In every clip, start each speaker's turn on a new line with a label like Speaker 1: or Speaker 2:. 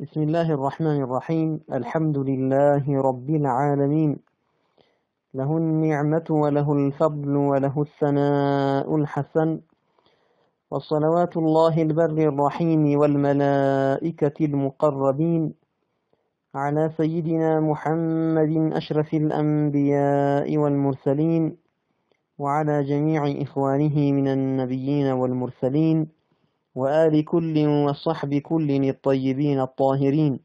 Speaker 1: بسم الله الرحمن الرحيم الحمد لله رب العالمين له النعمة وله الفضل وله الثناء الحسن والصلوات الله البر الرحيم والملائكة المقربين على سيدنا محمد أشرف الأنبياء والمرسلين وعلى جميع إخوانه من النبيين والمرسلين وآل كل وصحب كل الطيبين الطاهرين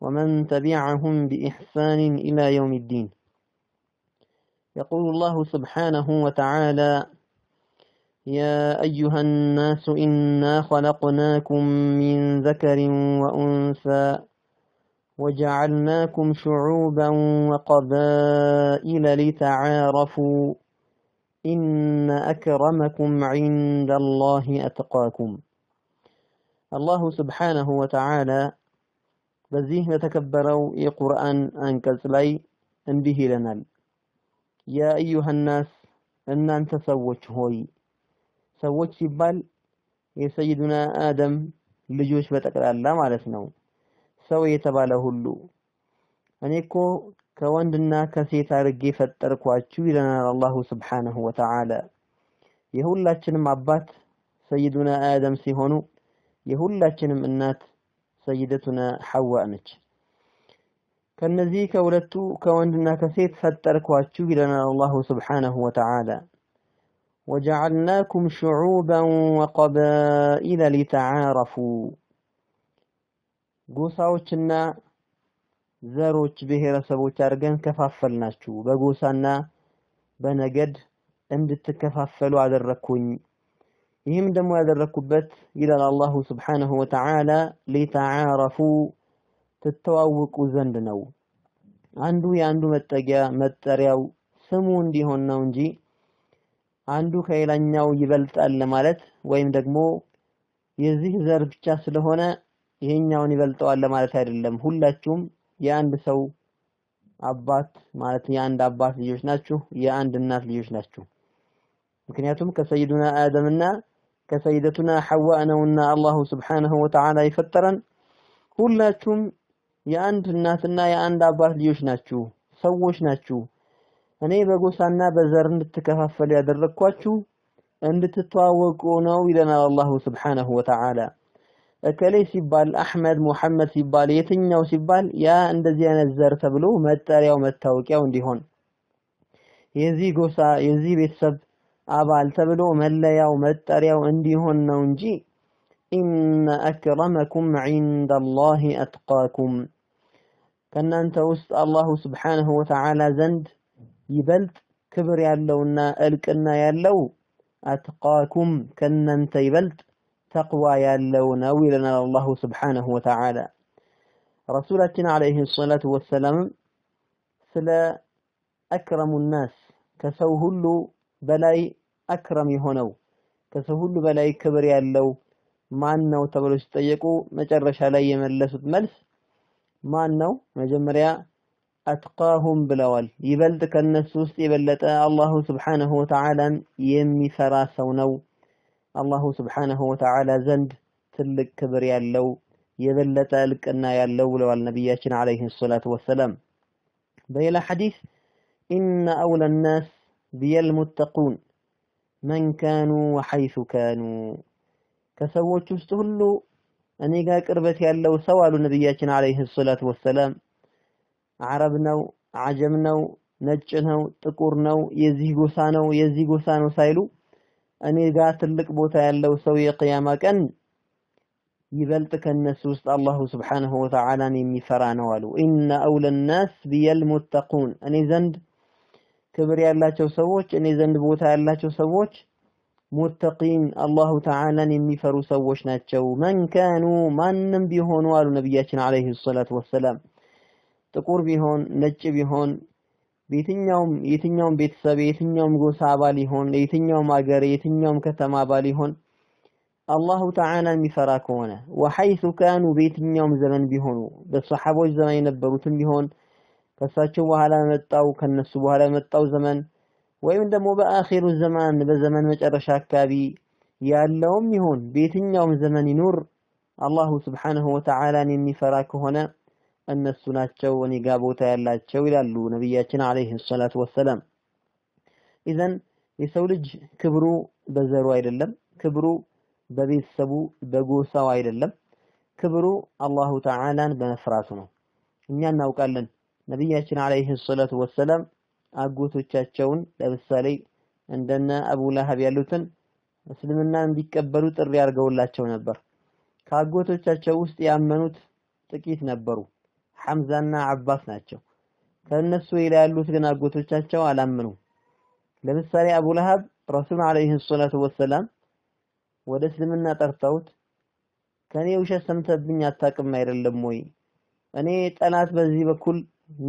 Speaker 1: ومن تبعهم بإحسان إلى يوم الدين يقول الله سبحانه وتعالى يا أيها الناس إنا خلقناكم من ذكر وأنثى وجعلناكم شعوبا وقبائل لتعارفوا إن أكرمكم عند الله أتقاكم አላሁ ስብሓነሁ ወተዓላ በዚህ በተከበረው የቁርአን አንቀጽ ላይ እንዲህ ይለናል። ያ አዩሃናስ እናንተ ሰዎች ሆይ፣ ሰዎች ሲባል የሰይዱና አደም ልጆች በጠቅላላ ማለት ነው። ሰው የተባለ ሁሉ እኔ እኮ ከወንድና ከሴት አድርጌ ፈጠርኳችሁ ይለናል አላሁ ስብሓነሁ ወተዓላ። የሁላችንም አባት ሰይዱና አደም ሲሆኑ የሁላችንም እናት ሰይደቱና ሐዋ ነች። ከነዚህ ከሁለቱ ከወንድና ከሴት ፈጠርኳችሁ ይለናል አላሁ ስብሓነሁ ወተዓላ። ወጀዓልናኩም ሹዑበን ወቀባኢለ ሊተዓረፉ ጎሳዎችና ዘሮች ብሔረሰቦች አድርገን ከፋፈልናችሁ፣ በጎሳና በነገድ እንድትከፋፈሉ አደረግኩኝ ይህም ደግሞ ያደረግኩበት ይላል አላሁ ስብሓነሁ ወተዓላ ሊተዓረፉ ትተዋውቁ ዘንድ ነው። አንዱ የአንዱ መጠጊያ መጠሪያው ስሙ እንዲሆን ነው እንጂ አንዱ ከሌላኛው ይበልጣል ለማለት ወይም ደግሞ የዚህ ዘር ብቻ ስለሆነ ይሄኛውን ይበልጠዋል ለማለት አይደለም። ሁላችሁም የአንድ ሰው አባት ማለት የአንድ አባት ልጆች ናችሁ፣ የአንድ እናት ልጆች ናችሁ። ምክንያቱም ከሰይዱና አደምና ከሰይደቱና ሐዋ ነውና አላሁ ስብሓነሁ ወተዓላ የፈጠረን። ሁላችሁም የአንድ እናትና የአንድ አባት ልጆች ናችሁ፣ ሰዎች ናችሁ። እኔ በጎሳና በዘር እንድትከፋፈሉ ያደረግኳችሁ እንድትተዋወቁ ነው ይለናል አላሁ ስብሓነሁ ወተዓላ። እከሌ ሲባል አሕመድ፣ ሙሐመድ ሲባል የትኛው ሲባል ያ እንደዚህ አይነት ዘር ተብሎ መጠሪያው መታወቂያው እንዲሆን የዚህ ጎሳ የዚህ ቤተሰብ أبال تبلو مليا ومتريا وإندي هن ونجي إن أكرمكم عند الله أتقاكم كان أنت وسط الله سبحانه وتعالى زند يبلت كبر يالونا ألقنا يعلو أتقاكم كان أنت يبلت تقوى يالونا ويلنا الله سبحانه وتعالى رسولتنا عليه الصلاة والسلام سلا أكرم الناس كسوهلو በላይ አክረም የሆነው ከሰው ሁሉ በላይ ክብር ያለው ማን ነው ተብሎ ሲጠየቁ መጨረሻ ላይ የመለሱት መልስ ማን ነው? መጀመሪያ አትቃሁም ብለዋል። ይበልጥ ከነሱ ውስጥ የበለጠ አላሁ ስብሓነሁ ወተዓላን የሚፈራ ሰው ነው። አላሁ ስብሓነሁ ወተዓላ ዘንድ ትልቅ ክብር ያለው የበለጠ እልቅና ያለው ብለዋል ነቢያችን ዓለይሂ ሰላቱ ወሰላም። በሌላ ሐዲስ ኢነ አውለ ናስ بي المتقون من كانوا وحيث كانوا كسوى تستهلوا أني قربتي اللو سوال نبياتنا عليه الصلاة والسلام عربنا عجمنا نجنا تقرنا يزيقو سانو يزيقو سانو سايلو أني قاتل لك بوتا لو سوي قياما كان يبلتك الناس الله سبحانه وتعالى نمي فرانوالو إن أولى الناس بي المتقون أني زند ክብር ያላቸው ሰዎች፣ እኔ ዘንድ ቦታ ያላቸው ሰዎች ሙተቂን አላሁ ተዓላን የሚፈሩ ሰዎች ናቸው። መን ካኑ ማንም ቢሆኑ አሉ ነቢያችን ዓለይሂ ሰላቱ ወሰላም። ጥቁር ቢሆን ነጭ ቢሆን የትኛውም የትኛውም ቤተሰብ የትኛውም ጎሳ አባል ይሆን የትኛውም አገር የትኛውም ከተማ አባል ይሆን አላሁ ተዓላ የሚፈራ ከሆነ ወሐይሱ ካኑ በየትኛውም ዘመን ቢሆኑ በሰሐቦች ዘመን የነበሩትም ቢሆን ከሳቸው በኋላ መጣው ከነሱ በኋላ መጣው ዘመን ወይም ደግሞ በአኺሩ ዘማን በዘመን መጨረሻ አካባቢ ያለውም ይሁን በየትኛውም ዘመን ይኑር አላሁ ስብሓነሁ ወተዓላን የሚፈራ ከሆነ እነሱ ናቸው እኔ ጋ ቦታ ያላቸው ይላሉ ነቢያችን አለይሂ ሰላቱ ወሰላም። ኢዘን የሰው ልጅ ክብሩ በዘሩ አይደለም፣ ክብሩ በቤተሰቡ በጎሳው አይደለም፣ ክብሩ አላሁ ተዓላን በመፍራቱ ነው። እኛ እናውቃለን ነቢያችን አለይሂ ሰላቱ ወሰላም አጎቶቻቸውን ለምሳሌ እንደነ አቡ ለሀብ ያሉትን እስልምና እንዲቀበሉ ጥሪ አድርገውላቸው ነበር። ከአጎቶቻቸው ውስጥ ያመኑት ጥቂት ነበሩ። ሐምዛና አባስ ናቸው። ከነሱ ሌላ ያሉት ግን አጎቶቻቸው አላመኑ ለምሳሌ አቡ ለሀብ ረሱል አለይሂ ሰላቱ ወሰላም ወደ እስልምና ጠርተውት ከኔ ውሸት ሰምተብኝ አታውቅም አይደለም ወይ? እኔ ጠላት በዚህ በኩል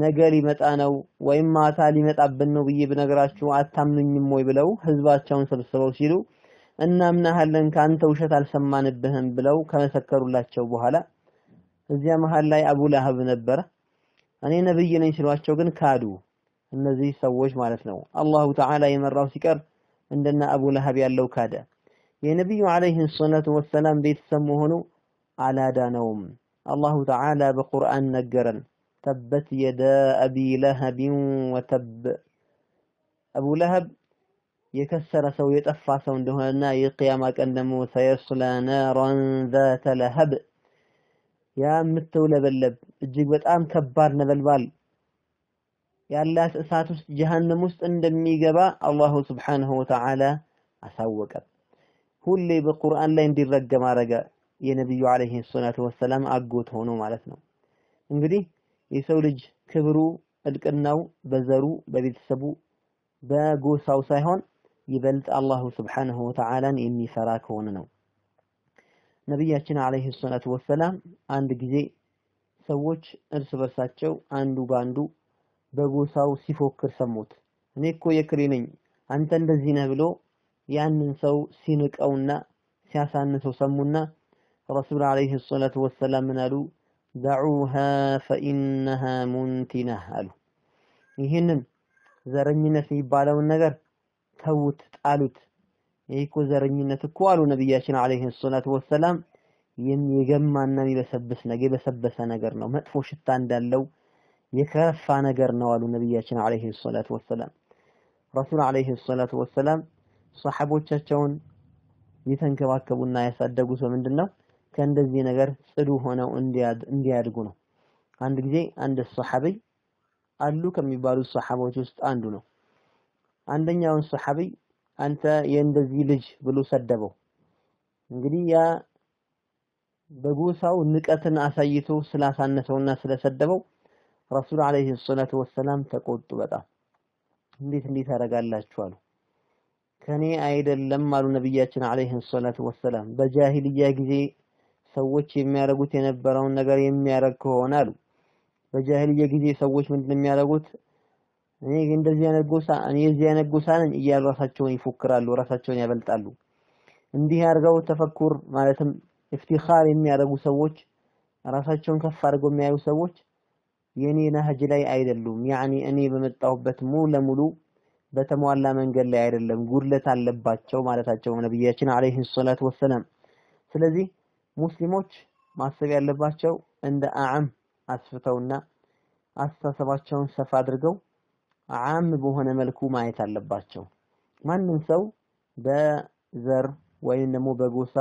Speaker 1: ነገ ሊመጣ ነው ወይም ማታ ሊመጣብን ነው ብዬ ብነግራችሁ አታምኑኝም ወይ ብለው ህዝባቸውን ሰብስበው ሲሉ እናምናሃለን ከአንተ ውሸት አልሰማንብህም ብለው ከመሰከሩላቸው በኋላ እዚያ መሃል ላይ አቡ ለሀብ ነበረ። እኔ ነብይ ነኝ ሲሏቸው ግን ካዱ። እነዚህ ሰዎች ማለት ነው። አላሁ ተዓላ የመራው ሲቀር እንደና አቡ ለሀብ ያለው ካደ። የነቢዩ ዓለይሂ ሰላቱ ወሰላም ቤተሰብ መሆኑ አላዳነውም። አላሁ ተዓላ በቁርአን ነገረን። تبت يدا أبي لهب وتب أبو لهب يكسر سو يتفع سو دهنا يقيما كأنه سيصلى نارا ذات لهب يا متو لبلب الجيب أم كبار نبلبال يا الله ساتوس جهنم استندمي جبا الله سبحانه وتعالى أسوق هو اللي بالقرآن لا يندرج ما رجع يا نبي عليه الصلاة والسلام أجوت هونو مالتنا انقدي የሰው ልጅ ክብሩ እልቅናው በዘሩ በቤተሰቡ በጎሳው ሳይሆን ይበልጥ አላሁ ስብሓነሁ ወተዓላን የሚፈራ ከሆነ ነው። ነቢያችን ዓለይሂ ሰላቱ ወሰላም አንድ ጊዜ ሰዎች እርስ በርሳቸው አንዱ በአንዱ በጎሳው ሲፎክር ሰሙት። እኔ እኮ የክሌ ነኝ፣ አንተ እንደዚህ ነህ ብሎ ያንን ሰው ሲንቀውና ሲያሳንሰው ሰሙና ረሱል ዓለይሂ ሰላቱ ወሰላም ምን አሉ? ደዑሃ ፈኢነሃ ሙንቲነህ አሉ። ይህንን ዘረኝነት የሚባለውን ነገር ተዉት፣ ጣሉት። ይህ እኮ ዘረኝነት እኮ አሉ ነቢያችን ዓለይሂ ሰላቱ ወሰላም የገማና የሚበሰብስ ነገር የበሰበሰ ነገር ነው፣ መጥፎ ሽታ እንዳለው የከረፋ ነገር ነው አሉ ነቢያችን ዓለይሂ ሰላቱ ወሰላም። ረሱል ዓለይሂ ሰላቱ ወሰላም ሰሐቦቻቸውን የተንከባከቡና ያሳደጉት በምንድን ነው? ከእንደዚህ ነገር ጽዱ ሆነው እንዲያድጉ ነው። አንድ ጊዜ አንድ ሰሐቢይ አሉ ከሚባሉ ሰሐቦች ውስጥ አንዱ ነው። አንደኛውን ሰሐቢይ አንተ የእንደዚህ ልጅ ብሎ ሰደበው። እንግዲህ ያ በጎሳው ንቀትን አሳይቶ ስላሳነሰውና ስለሰደበው ረሱል አለይሂ ሰላቱ ወሰላም ተቆጡ። በጣም እንዴት እንዴት ታደርጋላችሁ አሉ። ከኔ አይደለም አሉ ነብያችን አለይሂ ሰላቱ ወሰላም በጃሂልያ ጊዜ ሰዎች የሚያደርጉት የነበረውን ነገር የሚያደርግ ከሆነ አሉ። በጃሂልየ ጊዜ ሰዎች ምንድን የሚያደርጉት እኔ እንደዚህ አይነት ጎሳ እኔ እዚህ አይነት ጎሳ ነኝ እያሉ ራሳቸውን ይፎክራሉ፣ ራሳቸውን ያበልጣሉ። እንዲህ አድርገው ተፈኩር ማለትም ኢፍቲኻር የሚያደርጉ ሰዎች ራሳቸውን ከፍ አድርገው የሚያዩ ሰዎች የኔ ነህጅ ላይ አይደሉም። ያኒ እኔ በመጣሁበት ሙሉ ለሙሉ በተሟላ መንገድ ላይ አይደለም፣ ጉድለት አለባቸው ማለታቸው ነብያችን አለይሂ ሰላቱ ወሰላም። ስለዚህ ሙስሊሞች ማሰብ ያለባቸው እንደ አዓም አስፍተውና አስተሳሰባቸውን ሰፋ አድርገው አዓም በሆነ መልኩ ማየት አለባቸው። ማንም ሰው በዘር ወይም ደግሞ በጎሳ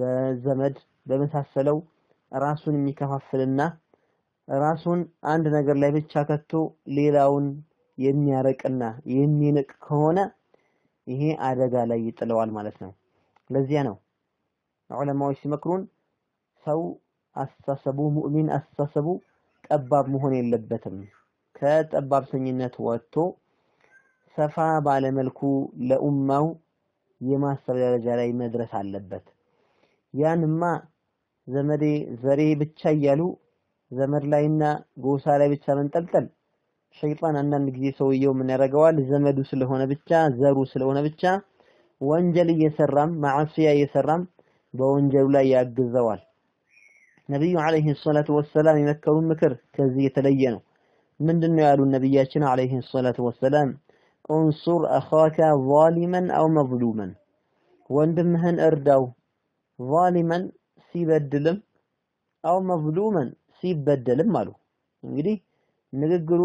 Speaker 1: በዘመድ በመሳሰለው ራሱን የሚከፋፍልና ራሱን አንድ ነገር ላይ ብቻ ከቶ ሌላውን የሚያረቅና የሚንቅ ከሆነ ይሄ አደጋ ላይ ይጥለዋል ማለት ነው። ለዚያ ነው ዑለማዎች ሲመክሩን ሰው አስተሳሰቡ ሙእሚን አስተሳሰቡ ጠባብ መሆን የለበትም። ከጠባብተኝነት ወጥቶ ሰፋ ባለመልኩ ለኡማው የማሰብ ደረጃ ላይ መድረስ አለበት። ያንማ ዘመዴ ዘሬ ብቻ እያሉ ዘመድ ላይና ጎሳ ላይ ብቻ መንጠልጠል ሸይጣን አንዳንድ ጊዜ ሰውየው ምን ያደርገዋል? ዘመዱ ስለሆነ ብቻ ዘሩ ስለሆነ ብቻ ወንጀል እየሰራም ማዕስያ እየሰራም በወንጀሉ ላይ ያግዘዋል። ነቢዩ ዓለይሂ ሰላቱ ወሰላም የመከሩን ምክር ከዚህ የተለየ ነው። ምንድን ነው ያሉን ነቢያችን ዓለይሂ ሰላቱ ወሰላም? ኡንሱር አኻካ ዛሊመን አው መዝሉመን፣ ወንድምህን እርዳው ዛሊመን ሲበድልም፣ አው መዝሉመን ሲበደልም አሉ። እንግዲህ ንግግሩ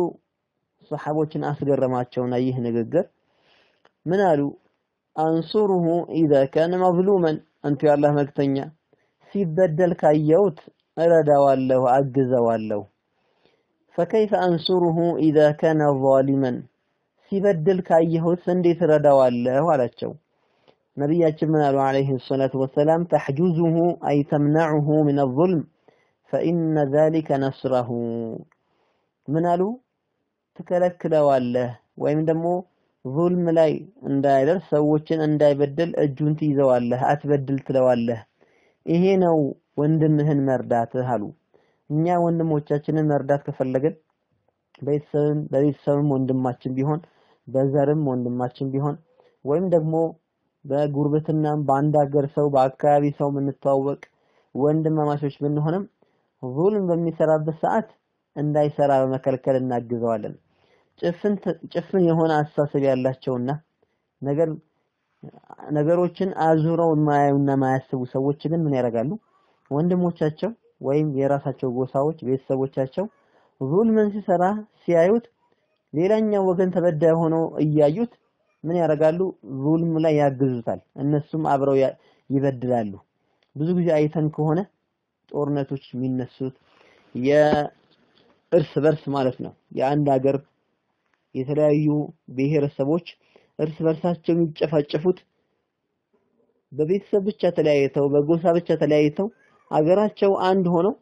Speaker 1: ሰሓቦችን አስገረማቸውና ይህ ንግግር ምን አሉ? አንሱሩሁ ኢዛ ካነ መዝሉመን አንቱ የአላህ መክተኛ ሲበደል ካየሁት እረዳዋለሁ፣ አግዘዋለሁ። ፈከይፈ አንሱሩሁ ኢዛ ካነ ዛሊመን ሲበድል ካየሁት እንዴት እረዳዋለሁ አላቸው። ነቢያችን ምን አሉ ዓለይሂ ሰላቱ ወሰላም ተሕጁዙሁ አይ ተምነዑሁ ሚነ ዙልም ፈኢነ ዛሊከ ነስረሁ ምን አሉ ትከለክለዋለህ ወይም ደግሞ ዙልም ላይ እንዳይደርስ ሰዎችን እንዳይበድል እጁን ትይዘዋለህ፣ አትበድል ትለዋለህ። ይሄ ነው ወንድምህን መርዳት አሉ። እኛ ወንድሞቻችንን መርዳት ከፈለግን ቤተሰብም በቤተሰብም ወንድማችን ቢሆን በዘርም ወንድማችን ቢሆን ወይም ደግሞ በጉርብትናም በአንድ ሀገር ሰው በአካባቢ ሰው የምንተዋወቅ ወንድማማቾች ብንሆንም ዙልም በሚሰራበት ሰዓት እንዳይሰራ በመከልከል እናግዘዋለን። ጭፍን ጭፍን የሆነ አስተሳሰብ ያላቸውና ነገር ነገሮችን አዙረው ማያዩና ማያስቡ ሰዎች ግን ምን ያደርጋሉ? ወንድሞቻቸው ወይም የራሳቸው ጎሳዎች ቤተሰቦቻቸው ዙልምን ሲሰራ ሲያዩት ሌላኛው ወገን ተበዳይ ሆኖ እያዩት ምን ያደርጋሉ? ዙልም ላይ ያግዙታል። እነሱም አብረው ይበድላሉ። ብዙ ጊዜ አይተን ከሆነ ጦርነቶች የሚነሱት የእርስ በርስ ማለት ነው የአንድ ሀገር የተለያዩ ብሔረሰቦች እርስ በርሳቸው የሚጨፋጨፉት በቤተሰብ ብቻ ተለያይተው በጎሳ ብቻ ተለያይተው አገራቸው አንድ ሆነው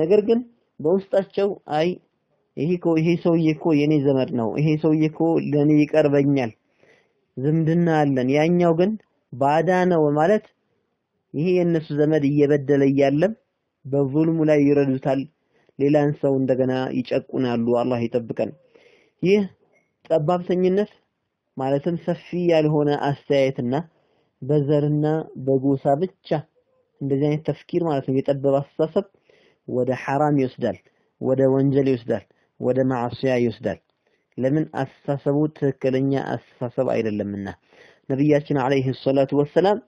Speaker 1: ነገር ግን በውስጣቸው አይ ይሄ እኮ ይሄ ሰውዬ እኮ የኔ ዘመድ ነው፣ ይሄ ሰውዬ እኮ ለኔ ይቀርበኛል፣ ዝምድና አለን። ያኛው ግን ባዳ ነው ማለት ይሄ የነሱ ዘመድ እየበደለ እያለም በዙልሙ ላይ ይረዱታል። ሌላን ሰው እንደገና ይጨቁናሉ። አላህ ይጠብቀን። ይህ ጠባብተኝነት ማለትም ሰፊ ያልሆነ አስተያየትና በዘርና በጎሳ ብቻ እንደዚህ አይነት ተፍኪር ማለት ነው። የጠበበ አስተሳሰብ ወደ ሐራም ይወስዳል፣ ወደ ወንጀል ይወስዳል፣ ወደ ማዕሲያ ይወስዳል። ለምን አስተሳሰቡ ትክክለኛ አስተሳሰብ አይደለምና። ነቢያችን አለይሂ ሰላቱ ወሰላም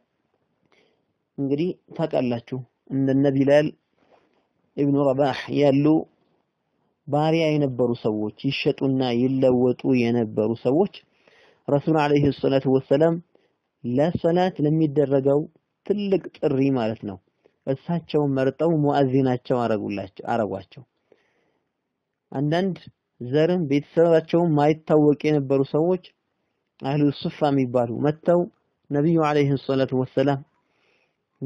Speaker 1: እንግዲህ ታውቃላችሁ እንደነ ቢላል ኢብኑ ረባህ ያሉ ባሪያ የነበሩ ሰዎች ይሸጡና ይለወጡ የነበሩ ሰዎች ረሱል አለይሂ ሰላቱ ወሰለም ለሰላት ለሚደረገው ትልቅ ጥሪ ማለት ነው። እሳቸውን መርጠው ሙአዚናቸው አረጉላቸው አረጓቸው። አንዳንድ ዘርም ቤተሰባቸውን ማይታወቅ የነበሩ ሰዎች አህሉ ሱፋ የሚባሉ መጥተው ነቢዩ አለይሂ ሰላቱ ወሰላም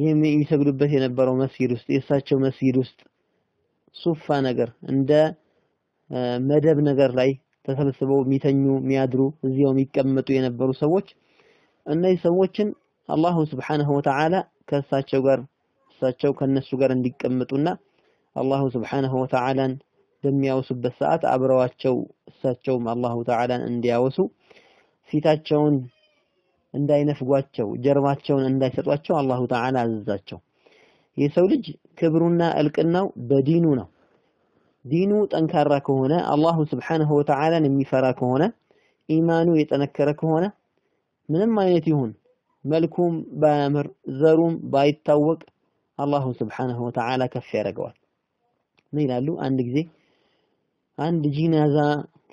Speaker 1: የሚሰግዱበት የነበረው መስጊድ ውስጥ የእሳቸው መስጊድ ውስጥ ሱፋ ነገር እንደ መደብ ነገር ላይ ተሰብስበው የሚተኙ የሚያድሩ እዚያው የሚቀመጡ የነበሩ ሰዎች እነዚህ ሰዎችን አላሁ ስብሓነሁ ወተዓላ ከእሳቸው ጋር እሳቸው ከነሱ ጋር እንዲቀመጡና አላሁ ስብሓነሁ ወተዓላን በሚያወሱበት ሰዓት አብረዋቸው እሳቸውም አላሁ ተዓላን እንዲያወሱ ፊታቸውን እንዳይነፍጓቸው ጀርባቸውን እንዳይሰጧቸው አላሁ ተዓላ አዘዛቸው። የሰው ልጅ ክብሩና እልቅናው በዲኑ ነው። ዲኑ ጠንካራ ከሆነ አላሁ ስብሓነሁ ወተዓላን የሚፈራ ከሆነ ኢማኑ የጠነከረ ከሆነ ምንም አይነት ይሁን መልኩም ባያምር ዘሩም ባይታወቅ አላሁ ስብሓነሁ ወተዓላ ከፍ ያደርገዋል። ምን ይላሉ? አንድ ጊዜ አንድ ጂናዛ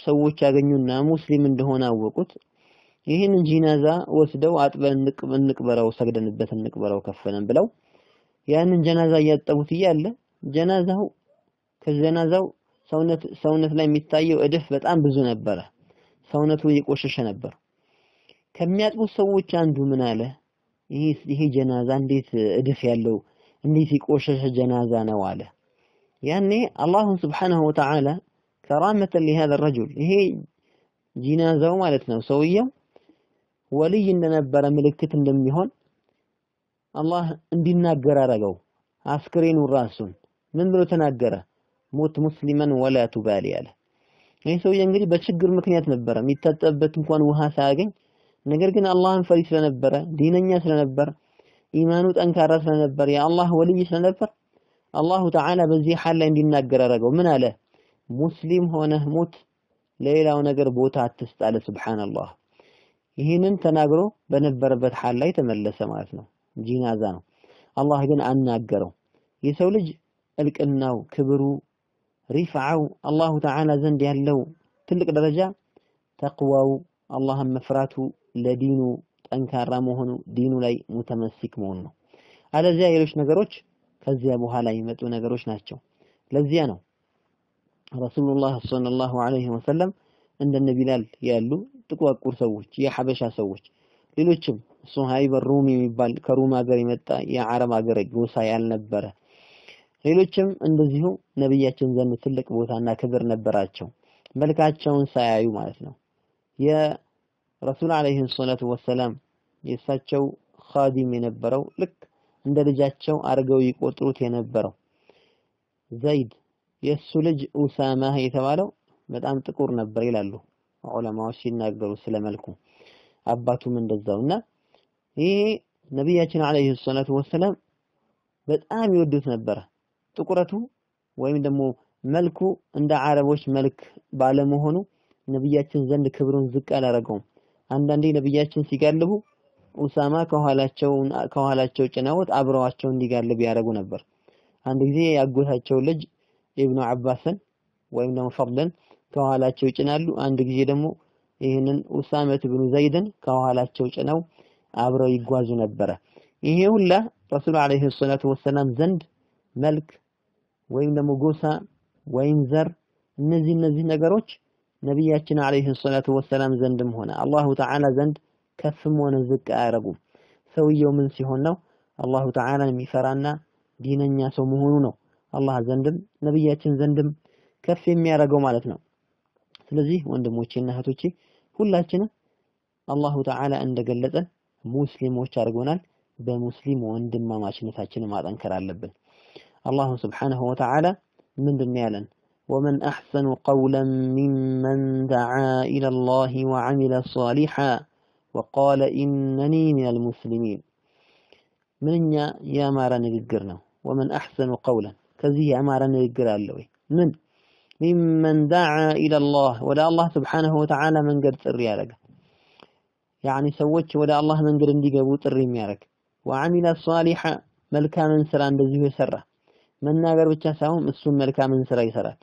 Speaker 1: ሰዎች ያገኙና ሙስሊም እንደሆነ አወቁት። ይህንን ጂናዛ ወስደው አጥበን እንቅበረው፣ ሰግደንበት እንቅበረው፣ ከፈነን ብለው ያንን ጀናዛ እያጠቡት እያለ ጀናዛው ከጀናዛው ሰውነት ሰውነት ላይ የሚታየው እድፍ በጣም ብዙ ነበረ። ሰውነቱ እየቆሸሸ ነበር። ከሚያጥቡት ሰዎች አንዱ ምን አለ? ይሄ ይሄ ጀናዛ እንዴት እድፍ ያለው እንዴት የቆሸሸ ጀናዛ ነው አለ። ያኔ አላሁ ስብሓነሁ ወተዓላ ከራመተን ሊሃዘ ረጁል ይሄ ጂናዛው ማለት ነው ሰውየው ወልይ እንደነበረ ምልክት እንደሚሆን አላህ እንዲናገር አረገው። አስክሬኑ ራሱን ምን ብሎ ተናገረ? ሞት ሙስሊመን ወላ ቱባሊ አለ። ይህ ሰውዬ እንግዲህ በችግር ምክንያት ነበረ የሚታጠብበት እንኳን ውሃ ሳያገኝ፣ ነገር ግን አላህን ፈሪ ስለነበረ፣ ዲነኛ ስለነበር፣ ኢማኑ ጠንካራ ስለነበር፣ የአላህ ወልይ ስለነበር አላሁ ተዓላ በዚህ ሐል ላይ እንዲናገር አደረገው። ምን አለ? ሙስሊም ሆነህ ሞት ለሌላው ነገር ቦታ አትስጥ አለ። ሱብሓነላህ። ይህንን ተናግሮ በነበረበት ሐል ላይ ተመለሰ ማለት ነው። ጂናዛ ነው። አላህ ግን አናገረው። የሰው ልጅ እልቅናው ክብሩ ሪፍዓው አላሁ ተዓላ ዘንድ ያለው ትልቅ ደረጃ ተቅዋው አላህን መፍራቱ ለዲኑ ጠንካራ መሆኑ ዲኑ ላይ ሙተመሲክ መሆኑ ነው። አለዚያ ሌሎች ነገሮች ከዚያ በኋላ የሚመጡ ነገሮች ናቸው። ለዚያ ነው ረሱሉላህ ሰለላሁ ዐለይሂ ወሰለም እንደነ ቢላል ያሉ ጥቋቁር ሰዎች፣ የሐበሻ ሰዎች፣ ሌሎችም ሱሃይብ ሩሚ የሚባል ከሩም ሀገር የመጣ የዓረብ ሀገር ጎሳ ያልነበረ ሌሎችም እንደዚሁ ነብያችን ዘንድ ትልቅ ቦታና ክብር ነበራቸው። መልካቸውን ሳያዩ ማለት ነው። የረሱል አለይሂ ሰላቱ ወሰላም የእሳቸው ኻዲም የነበረው ልክ እንደ ልጃቸው አድርገው ይቆጥሩት የነበረው ዘይድ የእሱ ልጅ ኡሳማ የተባለው በጣም ጥቁር ነበር ይላሉ ዑለማዎች ሲናገሩ ስለመልኩ። አባቱም እንደዛው እና ይሄ ነቢያችን አለይሂ ሰላቱ ወሰላም በጣም ይወዱት ነበረ። ጥቁረቱ ወይም ደግሞ መልኩ እንደ አረቦች መልክ ባለመሆኑ ነብያችን ዘንድ ክብሩን ዝቅ አላረገውም። አንዳንዴ ነብያችን ሲጋልቡ ኡሳማ ከኋላቸው ከኋላቸው ጭነውት አብረዋቸው እንዲጋልብ ያደረጉ ነበር። አንድ ጊዜ ያጎታቸው ልጅ ኢብኑ አባስን ወይም ደግሞ ፈርደን ከኋላቸው ይጭናሉ። አንድ ጊዜ ደግሞ ይህንን ኡሳመት ብኑ ዘይድን ከኋላቸው ጭነው አብረው ይጓዙ ነበረ። ይሄ ሁላ ረሱሉ ዓለይሂ ሰላቱ ወሰላም ዘንድ መልክ ወይም ደግሞ ጎሳ ወይም ዘር እነዚህ እነዚህ ነገሮች ነቢያችን አለይሂ ሰላቱ ወሰላም ዘንድም ሆነ አላሁ ተዓላ ዘንድ ከፍም ሆነ ዝቅ አያረጉም። ሰውየው ምን ሲሆን ነው አላሁ ተዓላን የሚፈራና ዲነኛ ሰው መሆኑ ነው አላህ ዘንድም ነቢያችን ዘንድም ከፍ የሚያደርገው ማለት ነው። ስለዚህ ወንድሞቼ እና እህቶቼ ሁላችንም አላሁ ተዓላ እንደገለጸን ሙስሊሞች አድርጎናል። በሙስሊም ወንድማማችነታችንን ማጠንከር አለብን። سبحانه وتعالى من ta'ala mendemjelen. ومن أحسن قولا ممن دعا إلى الله وعمل صالحا وقال إنني من المسلمين من يا مارن يذكرنا ومن أحسن قولا كذي يا مارا اللوي من ممن دعا إلى الله ولا الله سبحانه وتعالى من قد الريالك يعني سوتش ولا الله من قد قبوت الريالك وعمل صالحا ملكا من سران بزيه سره መናገር ብቻ ሳይሆን እሱም መልካምን ስራ ይሰራል።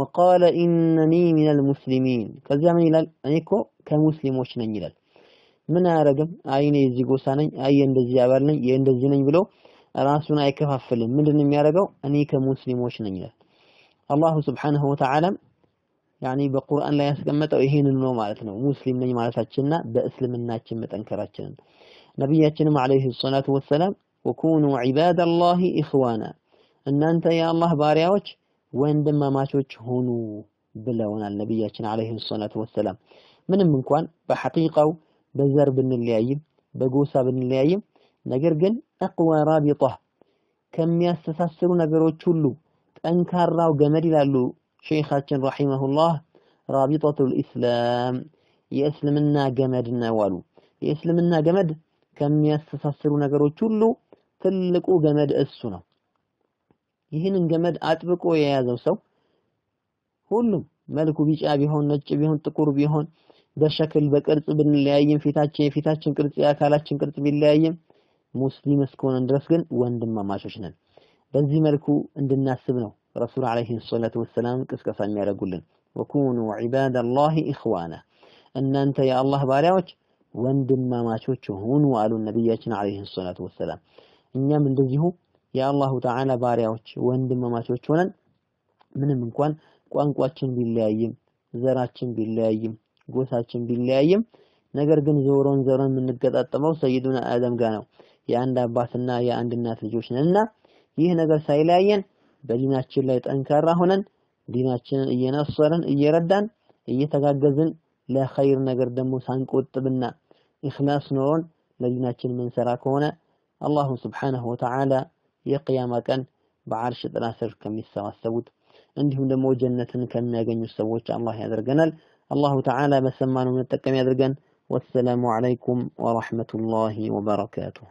Speaker 1: ወቃለ ኢነኒ ሚነል ሙስሊሚን ከዚያ ምን ይላል? እኔ እኮ ከሙስሊሞች ነኝ ይላል። ምን አያደርግም። አይ እኔ የዚህ ጎሳ ነኝ፣ አይ የእንደዚህ አባል ነኝ፣ የእንደዚህ ነኝ ብሎ ራሱን አይከፋፍልም። ምንድን የሚያደርገው? እኔ ከሙስሊሞች ነኝ ይላል። አላሁ ስብሓነሁ ወተዓላ ያኒ በቁርአን ላይ ያስቀመጠው ይሄንን ነው ማለት ነው። ሙስሊም ነኝ ማለታችንና በእስልምናችን መጠንከራችንን ነቢያችንም ዓለይሂ ሰላቱ ወሰላም ወኩኑ ዒባደላሂ ኢኽዋና እናንተ የአላህ ባሪያዎች ወንድማማቾች ሁኑ ብለውናል ነቢያችን አለይሂ ሰላቱ ወሰላም። ምንም እንኳን በሐቂቃው በዘር ብንለያይም በጎሳ ብንለያይም፣ ነገር ግን ተቅዋ ራቢጣ ከሚያስተሳስሩ ነገሮች ሁሉ ጠንካራው ገመድ ይላሉ ሼኻችን ረሂመሁላህ ራቢጣቱል ኢስላም የእስልምና ገመድ ነው አሉ። የእስልምና ገመድ ከሚያስተሳስሩ ነገሮች ሁሉ ትልቁ ገመድ እሱ ነው። ይህንን ገመድ አጥብቆ የያዘው ሰው ሁሉም መልኩ ቢጫ ቢሆን ነጭ ቢሆን ጥቁር ቢሆን በሸክል በቅርጽ ብንለያየም ፊታችን የፊታችን ቅርጽ የአካላችን ቅርጽ ቢለያይም ሙስሊም እስከሆነን ድረስ ግን ወንድማማቾች ነን። በዚህ መልኩ እንድናስብ ነው ረሱል ዓለይሂ ሰላቱ ወሰላም ቅስቀሳ የሚያደርጉልን። ወኩኑ ዒባደላሂ ኢኽዋና፣ እናንተ የአላህ ባሪያዎች ወንድማማቾች ሁኑ አሉን ነቢያችን ዓለይሂ ሰላቱ ወሰላም። እኛም እንደዚሁ የአላሁ ተዓላ ባሪያዎች ወንድማማቾች ሆነን ምንም እንኳን ቋንቋችን ቢለያይም ዘራችን ቢለያይም ጎሳችን ቢለያይም ነገር ግን ዞሮን ዞሮን የምንገጣጠመው ሰይዱና አደም ጋር ነው። የአንድ አባትና የአንድ እናት ልጆች ነንና ይህ ነገር ሳይለያየን በዲናችን ላይ ጠንካራ ሆነን ዲናችንን እየነሰርን እየረዳን እየተጋገዝን ለኸይር ነገር ደግሞ ሳንቆጥብና ኢኽላስ ኖሮን ለዲናችን ምንሰራ ከሆነ አላሁ ስብሓነሁ ወተዓላ የቅያማ ቀን በአርሽ ጥላ ስር ከሚሰባሰቡት እንዲሁም ደግሞ ጀነትን ከሚያገኙት ሰዎች አላህ ያደርገናል። አላሁ ተዓላ በሰማነው መጠቀም ያድርገን። ወሰላሙ ዓለይኩም ወረሕመቱላሂ ወበረካቱሁ።